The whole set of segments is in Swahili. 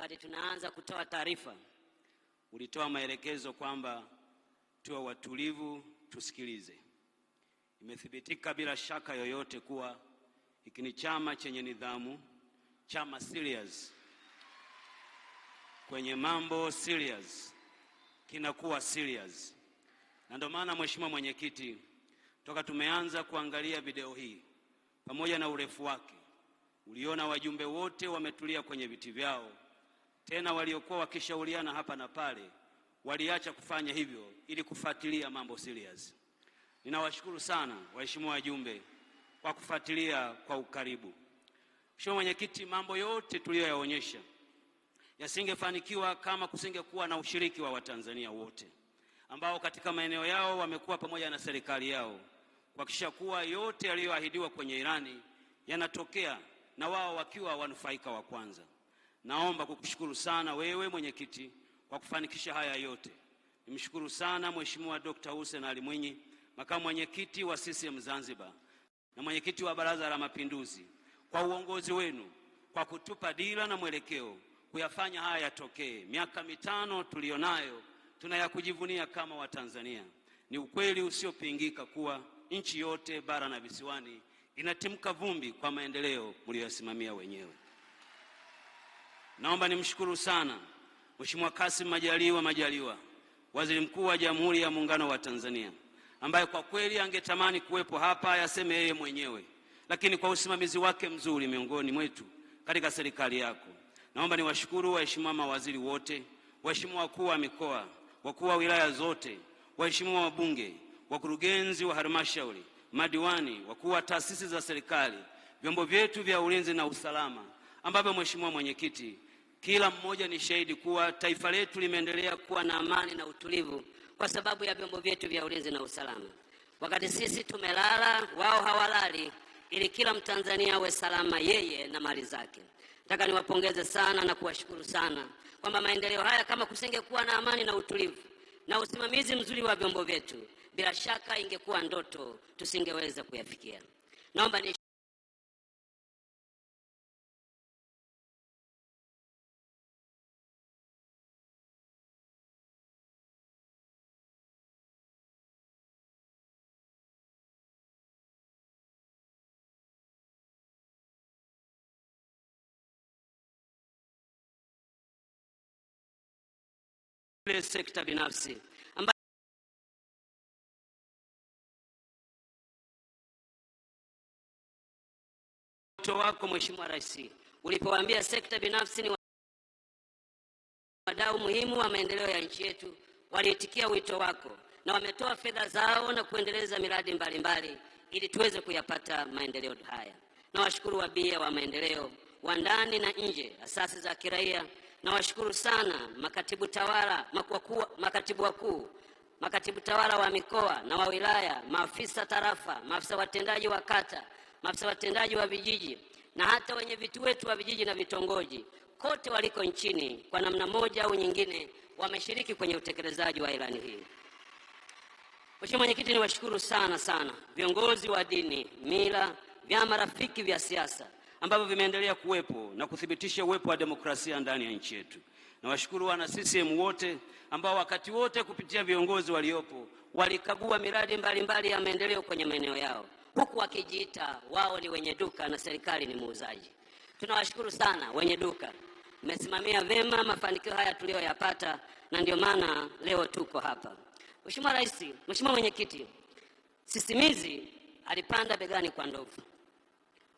wakati tunaanza kutoa taarifa ulitoa maelekezo kwamba tuwe watulivu, tusikilize. Imethibitika bila shaka yoyote kuwa hiki ni chama chenye nidhamu, chama serious kwenye mambo serious, kinakuwa serious. Na ndio maana Mheshimiwa Mwenyekiti, toka tumeanza kuangalia video hii pamoja na urefu wake, uliona wajumbe wote wametulia kwenye viti vyao tena waliokuwa wakishauriana hapa na pale waliacha kufanya hivyo ili kufuatilia mambo serious. Ninawashukuru sana waheshimiwa wajumbe kwa kufuatilia kwa ukaribu. Mheshimiwa Mwenyekiti, mambo yote tuliyoyaonyesha yasingefanikiwa kama kusingekuwa na ushiriki wa Watanzania wote ambao katika maeneo yao wamekuwa pamoja na serikali yao kuhakikisha kuwa yote yaliyoahidiwa kwenye ilani yanatokea na wao wakiwa wanufaika wa kwanza. Naomba kukushukuru sana wewe mwenyekiti kwa kufanikisha haya yote. Nimshukuru sana Mheshimiwa Dr. Hussein Ali Mwinyi, makamu mwenyekiti wa CCM Zanzibar na mwenyekiti wa Baraza la Mapinduzi, kwa uongozi wenu, kwa kutupa dira na mwelekeo kuyafanya haya yatokee. Miaka mitano tuliyonayo tunayakujivunia kama Watanzania. Ni ukweli usiopingika kuwa nchi yote bara na visiwani inatimka vumbi kwa maendeleo mliyosimamia wenyewe. Naomba nimshukuru sana Mheshimiwa Kassim Majaliwa Majaliwa, Waziri Mkuu wa Jamhuri ya Muungano wa Tanzania, ambaye kwa kweli angetamani kuwepo hapa yaseme yeye mwenyewe, lakini kwa usimamizi wake mzuri miongoni mwetu katika serikali yako. Naomba niwashukuru waheshimiwa mawaziri wote, waheshimiwa wakuu wa mikoa, wakuu wa wilaya zote, waheshimiwa wabunge, wakurugenzi wa halmashauri, madiwani, wakuu wa taasisi za serikali, vyombo vyetu vya ulinzi na usalama, ambavyo mheshimiwa mwenyekiti kila mmoja ni shahidi kuwa taifa letu limeendelea kuwa na amani na utulivu kwa sababu ya vyombo vyetu vya ulinzi na usalama. Wakati sisi tumelala, wao hawalali, ili kila Mtanzania awe salama, yeye na mali zake. Nataka niwapongeze sana na kuwashukuru sana kwamba maendeleo haya, kama kusingekuwa na amani na utulivu na usimamizi mzuri wa vyombo vyetu, bila shaka ingekuwa ndoto, tusingeweza kuyafikia. Naomba ni kule sekta binafsi wito wako Mheshimiwa Rais ulipowaambia sekta binafsi ni wadau muhimu wa maendeleo ya nchi yetu, waliitikia wito wako na wametoa fedha zao na kuendeleza miradi mbalimbali ili tuweze kuyapata maendeleo haya. Na washukuru wabia wa maendeleo wa ndani na nje, asasi za kiraia Nawashukuru sana makatibu tawala, makatibu wakuu, makatibu tawala wa mikoa na wa wilaya, maafisa tarafa, maafisa watendaji wa kata, maafisa watendaji wa vijiji na hata wenye viti wetu wa vijiji na vitongoji kote waliko nchini, kwa namna moja au nyingine wameshiriki kwenye utekelezaji wa ilani hii. Mheshimiwa Mwenyekiti, niwashukuru sana sana viongozi wa dini, mila, vyama rafiki vya siasa ambavyo vimeendelea kuwepo na kuthibitisha uwepo wa demokrasia ndani ya nchi yetu. Nawashukuru wana CCM wote ambao wakati wote kupitia viongozi waliopo walikagua miradi mbalimbali mbali ya maendeleo kwenye maeneo yao, huku wakijiita wao ni wenye duka na serikali ni muuzaji. Tunawashukuru sana wenye duka, mmesimamia vema mafanikio haya tuliyoyapata, na ndio maana leo tuko hapa. Mheshimiwa Rais, Mheshimiwa Mwenyekiti, sisimizi alipanda begani kwa ndovu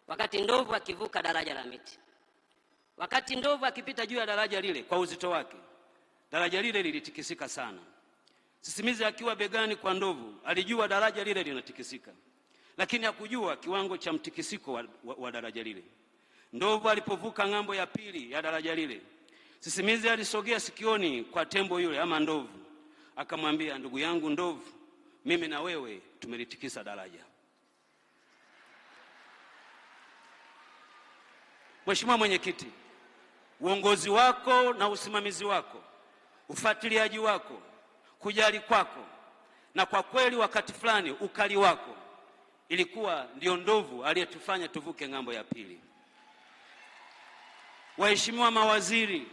wakati ndovu akivuka daraja la miti, wakati ndovu akipita juu ya daraja lile kwa uzito wake, daraja lile lilitikisika sana. Sisimizi akiwa begani kwa ndovu alijua daraja lile linatikisika, lakini hakujua kiwango cha mtikisiko wa, wa, wa daraja lile. Ndovu alipovuka ng'ambo ya pili ya daraja lile, sisimizi alisogea sikioni kwa tembo yule ama ndovu, akamwambia, ndugu yangu ndovu, mimi na wewe tumelitikisa daraja. Mheshimiwa Mwenyekiti, uongozi wako na usimamizi wako, ufuatiliaji wako, kujali kwako na kwa kweli wakati fulani ukali wako ilikuwa ndio ndovu aliyetufanya tuvuke ng'ambo ya pili. Waheshimiwa mawaziri,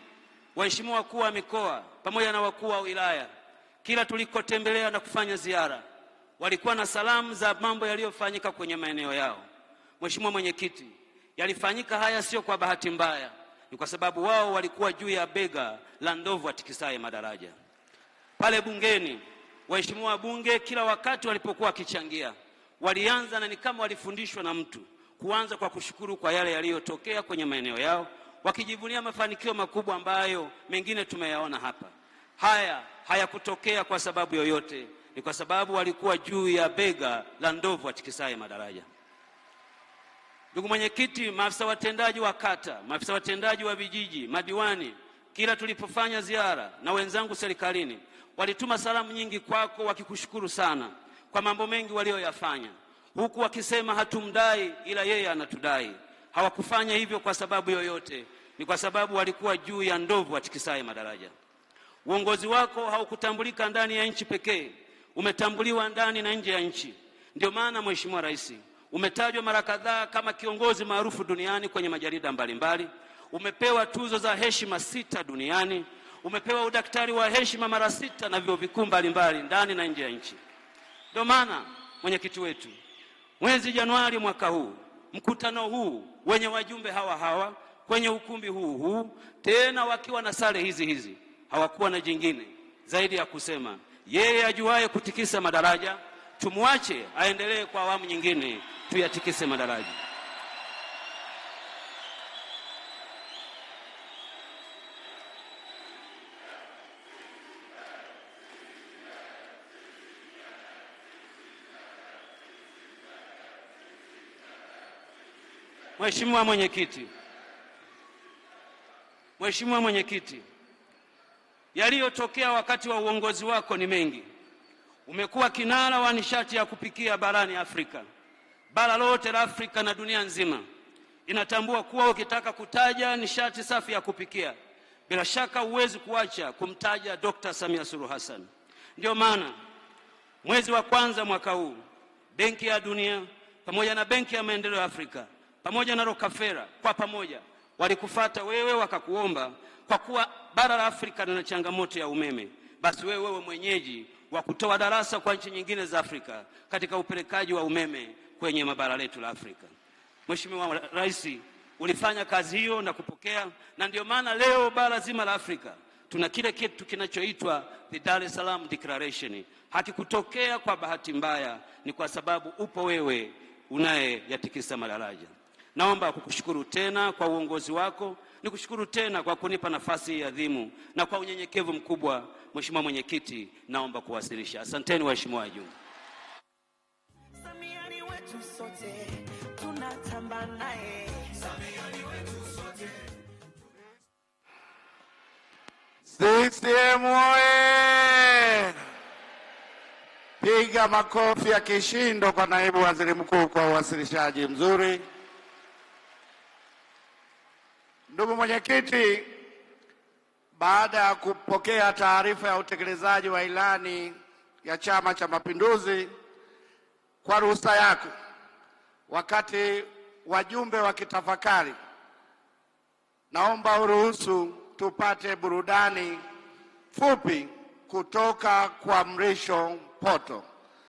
waheshimiwa wakuu wa mikoa pamoja na wakuu wa wilaya, kila tulikotembelea na kufanya ziara walikuwa na salamu za mambo yaliyofanyika kwenye maeneo yao. Mheshimiwa Mwenyekiti, Yalifanyika haya sio kwa bahati mbaya, ni kwa sababu wao walikuwa juu ya bega la ndovu atikisaye madaraja. Pale bungeni, waheshimiwa wabunge, kila wakati walipokuwa wakichangia, walianza na ni kama walifundishwa na mtu, kuanza kwa kushukuru kwa yale yaliyotokea kwenye maeneo yao, wakijivunia mafanikio makubwa ambayo mengine tumeyaona hapa. Haya hayakutokea kwa sababu yoyote, ni kwa sababu walikuwa juu ya bega la ndovu atikisaye madaraja. Ndugu mwenyekiti, maafisa watendaji wa kata, maafisa watendaji wa vijiji, madiwani, kila tulipofanya ziara na wenzangu serikalini, walituma salamu nyingi kwako wakikushukuru sana kwa mambo mengi walioyafanya, huku wakisema hatumdai, ila yeye anatudai. Hawakufanya hivyo kwa sababu yoyote, ni kwa sababu walikuwa juu ya ndovu atikisaye madaraja. Uongozi wako haukutambulika ndani ya nchi pekee, umetambuliwa ndani na nje ya nchi. Ndio maana Mheshimiwa Rais Umetajwa mara kadhaa kama kiongozi maarufu duniani kwenye majarida mbalimbali mbali. Umepewa tuzo za heshima sita duniani. Umepewa udaktari wa heshima mara sita na vyuo vikuu mbalimbali ndani na nje ya nchi. Ndio maana mwenyekiti wetu, mwezi Januari mwaka huu, mkutano huu wenye wajumbe hawa hawa kwenye ukumbi huu huu tena wakiwa na sare hizi hizi, hawakuwa na jingine zaidi ya kusema yeye ajuaye kutikisa madaraja tumwache aendelee kwa awamu nyingine tuyatikise madaraja. Mheshimiwa Mwenyekiti, Mheshimiwa Mwenyekiti, yaliyotokea wakati wa uongozi wako ni mengi. Umekuwa kinara wa nishati ya kupikia barani Afrika bara lote la Afrika na dunia nzima inatambua kuwa ukitaka kutaja nishati safi ya kupikia, bila shaka huwezi kuacha kumtaja Dr. Samia Suluhu Hassan. ndio maana mwezi wa kwanza mwaka huu Benki ya Dunia pamoja na Benki ya Maendeleo ya Afrika pamoja na Rockefeller kwa pamoja walikufata wewe, wakakuomba kwa kuwa bara la Afrika lina changamoto ya umeme, basi wewe wewe mwenyeji wa kutoa darasa kwa nchi nyingine za Afrika katika upelekaji wa umeme kwenye mabara letu la Afrika. Mheshimiwa Rais, ulifanya kazi hiyo na kupokea, na ndio maana leo bara zima la Afrika tuna kile kitu kinachoitwa the Dar es Salaam Declaration. Hakikutokea kwa bahati mbaya, ni kwa sababu upo wewe unayeyatikisa madaraja. Naomba kukushukuru tena kwa uongozi wako, nikushukuru tena kwa kunipa nafasi hii adhimu, na kwa unyenyekevu mkubwa. Mheshimiwa Mwenyekiti, naomba kuwasilisha. Asanteni waheshimiwa wajumbe wetu sote tunatamba naye. CCM Piga makofi ya kishindo kwa naibu waziri mkuu kwa uwasilishaji mzuri. Ndugu mwenyekiti, baada ya kupokea taarifa ya utekelezaji wa ilani ya Chama cha Mapinduzi kwa ruhusa yako, wakati wajumbe wakitafakari, naomba uruhusu tupate burudani fupi kutoka kwa Mrisho Poto.